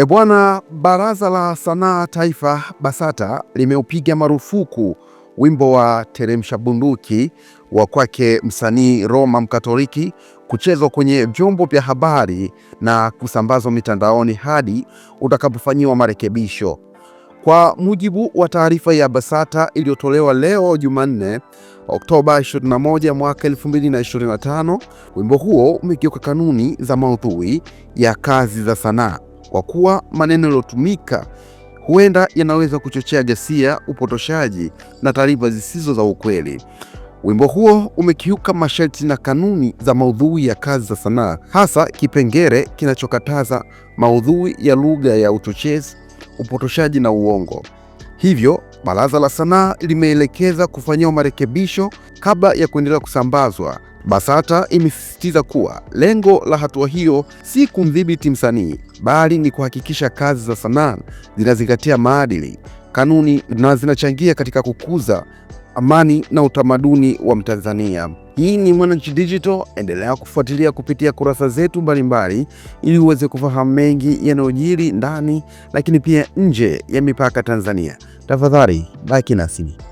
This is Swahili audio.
E bwana, Baraza la Sanaa Taifa BASATA limeupiga marufuku wimbo wa Teremsha Bunduki wa kwake msanii Roma Mkatoliki kuchezwa kwenye vyombo vya habari na kusambazwa mitandaoni hadi utakapofanyiwa marekebisho. Kwa mujibu wa taarifa ya BASATA iliyotolewa leo Jumanne, Oktoba 21 mwaka 2025, wimbo huo umekiuka kanuni za maudhui ya kazi za sanaa kwa kuwa maneno yaliyotumika huenda yanaweza kuchochea ghasia, upotoshaji na taarifa zisizo za ukweli. Wimbo huo umekiuka masharti na kanuni za maudhui ya kazi za sanaa, hasa kipengele kinachokataza maudhui ya lugha ya uchochezi, upotoshaji na uongo. Hivyo, Baraza la Sanaa limeelekeza kufanyiwa marekebisho kabla ya kuendelea kusambazwa BASATA imesisitiza kuwa lengo la hatua hiyo si kumdhibiti msanii, bali ni kuhakikisha kazi za sanaa zinazingatia maadili, kanuni na zinachangia katika kukuza amani na utamaduni wa Mtanzania. Hii ni Mwananchi Digital, endelea kufuatilia kupitia kurasa zetu mbalimbali ili uweze kufahamu mengi yanayojiri ndani, lakini pia nje ya mipaka Tanzania. Tafadhali baki nasi.